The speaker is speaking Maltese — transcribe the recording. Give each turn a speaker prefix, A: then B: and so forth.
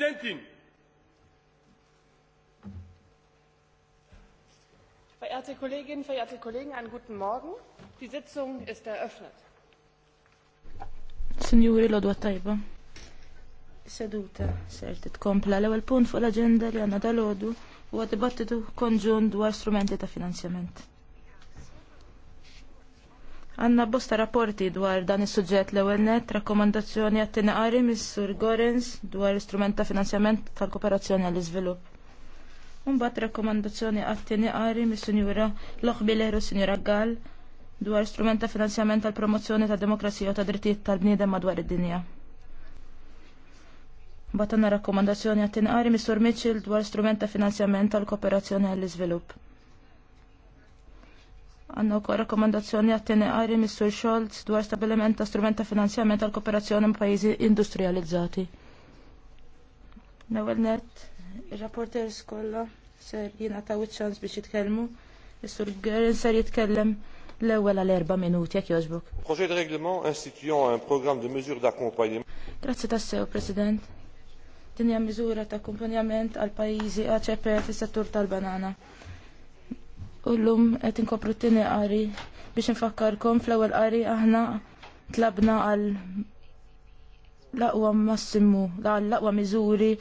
A: Präsidentin! Verehrte Kolleginnen, verehrte Kollegen, einen guten Morgen. Die Sitzung ist eröffnet. Signori Lodwa Tajba. Seduta ser titkompla l-ewwel punt fu l agenda li għanna dal-għodu huwa dibattitu konġun dwar strumenti ta' finanzjament. Għanna bosta rapporti dwar dan is suġġett l ewwel net, rakkomandazzjoni għattina qari mis-Sur Gorens dwar l-istrument ta' finanzjament tal-kooperazzjoni għall-iżvilupp. Mbagħad rakkomandazzjoni għattina qari mis-Sinjura Loħbileru Sinjura Gall dwar istrument ta' finanzjament tal-promozzjoni ta' demokrazija u ta' drittijiet tal-bniedem madwar id-dinja. Batanna rakkomandazzjoni għattin qari mis-Sur Mitchell dwar strument ta' finanzjament tal-kooperazzjoni għall-iżvilupp. Għanna u rakkomandazzjoni għattini għari Mr. Scholz dwar stabiliment ta' strument ta' finanzjament tal kooperazzjoni ma' pajizi industrializzati. Nawel net, il-rapporter skolla ser jina ta' ċans biex jitkellmu. Mr. Gerin ser jitkellem l-ewwel għal erba' minuti jekk jogħġbok. Projet de règlement instituant un program de mesures d'accompagnement. ta' sew, President. Dinja miżura ta' kumpanjament għal pajjiżi ACP fis-settur tal-banana. Ullum qed inkopru t-tieni qari biex nfakkarkom fl-ewwel qari aħna tlabna għal l-aqwa massimu, għal l-aqwa miżuri